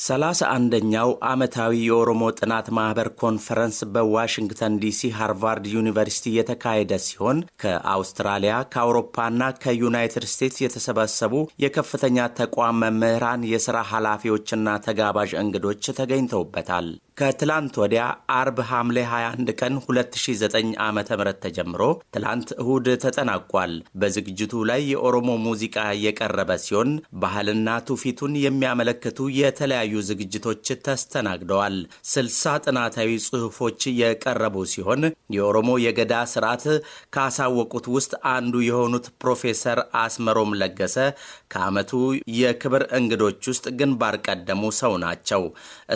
ሰላሳ አንደኛው ዓመታዊ የኦሮሞ ጥናት ማኅበር ኮንፈረንስ በዋሽንግተን ዲሲ ሃርቫርድ ዩኒቨርሲቲ የተካሄደ ሲሆን ከአውስትራሊያ ከአውሮፓና ከዩናይትድ ስቴትስ የተሰበሰቡ የከፍተኛ ተቋም መምህራን፣ የሥራ ኃላፊዎችና ተጋባዥ እንግዶች ተገኝተውበታል። ከትላንት ወዲያ አርብ ሐምሌ 21 ቀን 2009 ዓ ም ተጀምሮ ትላንት እሁድ ተጠናቋል። በዝግጅቱ ላይ የኦሮሞ ሙዚቃ የቀረበ ሲሆን ባህልና ትውፊቱን የሚያመለክቱ የተለያዩ ዝግጅቶች ተስተናግደዋል። ስልሳ ጥናታዊ ጽሑፎች የቀረቡ ሲሆን የኦሮሞ የገዳ ስርዓት ካሳወቁት ውስጥ አንዱ የሆኑት ፕሮፌሰር አስመሮም ለገሰ ከዓመቱ የክብር እንግዶች ውስጥ ግንባር ቀደሙ ሰው ናቸው።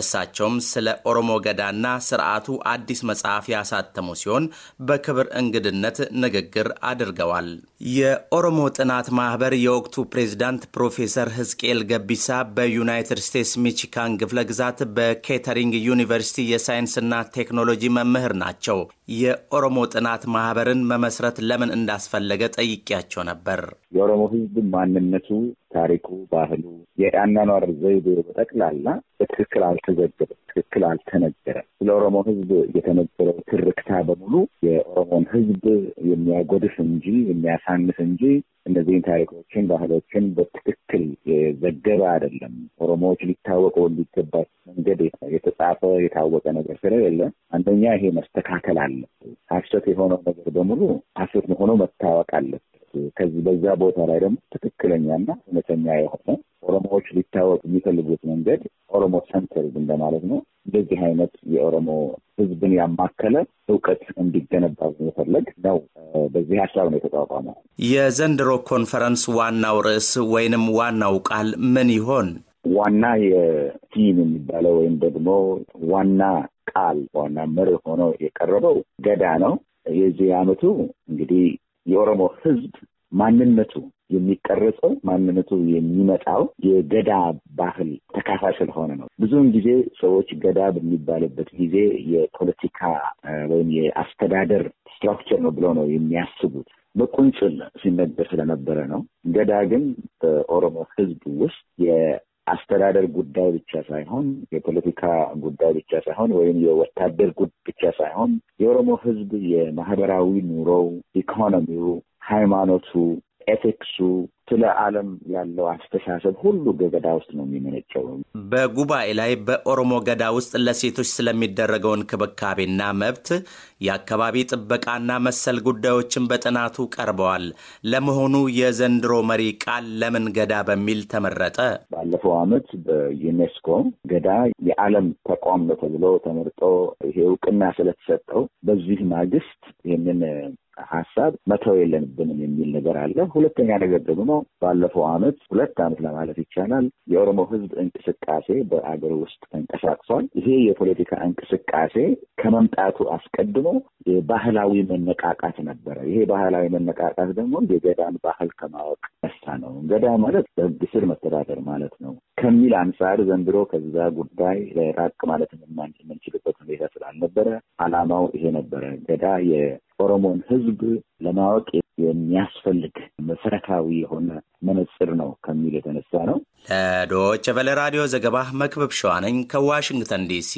እሳቸውም ስለ ኦሮሞ ገዳና ስርዓቱ አዲስ መጽሐፍ ያሳተሙ ሲሆን በክብር እንግድነት ንግግር አድርገዋል። የኦሮሞ ጥናት ማህበር የወቅቱ ፕሬዝዳንት ፕሮፌሰር ህዝቅኤል ገቢሳ በዩናይትድ ስቴትስ ሚቺካን ክፍለ ግዛት በኬተሪንግ ዩኒቨርሲቲ የሳይንስና ቴክኖሎጂ መምህር ናቸው። የኦሮሞ ጥናት ማህበርን መመስረት ለምን እንዳስፈለገ ጠይቄያቸው ነበር። የኦሮሞ ህዝብ ማንነቱ፣ ታሪኩ፣ ባህሉ፣ የአኗኗር ዘይቤ በጠቅላላ በትክክል አልተዘገበም፣ ትክክል አልተነገረም። ስለ ኦሮሞ ህዝብ የተነገረው ትርክታ በሙሉ የኦሮሞን ህዝብ የሚያጎድፍ እንጂ የሚያሳንስ እንጂ እነዚህን ታሪኮችን፣ ባህሎችን በትክክል የዘገበ አይደለም። ኦሮሞዎች ሊታወቁ ሊገባት መንገድ የተጻፈ የታወቀ ነገር ስለሌለ አንደኛ ይሄ መስተካከል አለበት። ሀሰት የሆነው ነገር በሙሉ ሀሰት መሆኑ መታወቅ አለበት። ከዚህ በዛ ቦታ ላይ ደግሞ ትክክለኛና እውነተኛ የሆነ ኦሮሞዎች ሊታወቅ የሚፈልጉት መንገድ ኦሮሞ ሰንተር እንደማለት ነው። እንደዚህ አይነት የኦሮሞ ህዝብን ያማከለ እውቀት እንዲገነባ መፈለግ ነው። በዚህ ሀሳብ ነው የተቋቋመው። የዘንድሮ ኮንፈረንስ ዋናው ርዕስ ወይንም ዋናው ቃል ምን ይሆን? ዋና የቲም የሚባለው ወይም ደግሞ ዋና ቃል ዋና መርህ ሆኖ የቀረበው ገዳ ነው። የዚህ ዓመቱ እንግዲህ የኦሮሞ ህዝብ ማንነቱ የሚቀረጸው ማንነቱ የሚመጣው የገዳ ባህል ተካፋይ ስለሆነ ነው። ብዙውን ጊዜ ሰዎች ገዳ በሚባልበት ጊዜ የፖለቲካ ወይም የአስተዳደር ስትራክቸር ነው ብለው ነው የሚያስቡት። በቁንጽል ሲነገር ስለነበረ ነው። ገዳ ግን በኦሮሞ ሕዝብ ውስጥ የአስተዳደር ጉዳይ ብቻ ሳይሆን የፖለቲካ ጉዳይ ብቻ ሳይሆን ወይም የወታደር ጉድ ብቻ ሳይሆን የኦሮሞ ሕዝብ የማህበራዊ ኑሮው፣ ኢኮኖሚው፣ ሃይማኖቱ ኤቲክሱ ስለ ዓለም ያለው አስተሳሰብ ሁሉ በገዳ ውስጥ ነው የሚመነጨው። በጉባኤ ላይ በኦሮሞ ገዳ ውስጥ ለሴቶች ስለሚደረገው እንክብካቤና መብት፣ የአካባቢ ጥበቃና መሰል ጉዳዮችን በጥናቱ ቀርበዋል። ለመሆኑ የዘንድሮ መሪ ቃል ለምን ገዳ በሚል ተመረጠ? ባለፈው ዓመት በዩኔስኮ ገዳ የዓለም ተቋም ነው ተብሎ ተመርጦ ይሄ እውቅና ስለተሰጠው በዚህ ማግስት ይህንን ሀሳብ መተው የለንብንም የሚል ነገር አለ። ሁለተኛ ነገር ደግሞ ባለፈው ዓመት ሁለት ዓመት ለማለት ይቻላል የኦሮሞ ህዝብ እንቅስቃሴ በአገር ውስጥ ተንቀሳቅሷል። ይሄ የፖለቲካ እንቅስቃሴ ከመምጣቱ አስቀድሞ የባህላዊ መነቃቃት ነበረ። ይሄ ባህላዊ መነቃቃት ደግሞ የገዳን ባህል ከማወቅ ነሳ ነው። ገዳ ማለት በሕግ ስር መተዳደር ማለት ነው ከሚል አንጻር ዘንድሮ ከዛ ጉዳይ ራቅ ማለት የምንችልበት ሁኔታ ስላልነበረ አላማው ይሄ ነበረ ገዳ ኦሮሞን ህዝብ ለማወቅ የሚያስፈልግ መሰረታዊ የሆነ መነጽር ነው ከሚል የተነሳ ነው። ለዶይቼ ቬለ ራዲዮ ዘገባ መክበብ ሸዋነኝ ከዋሽንግተን ዲሲ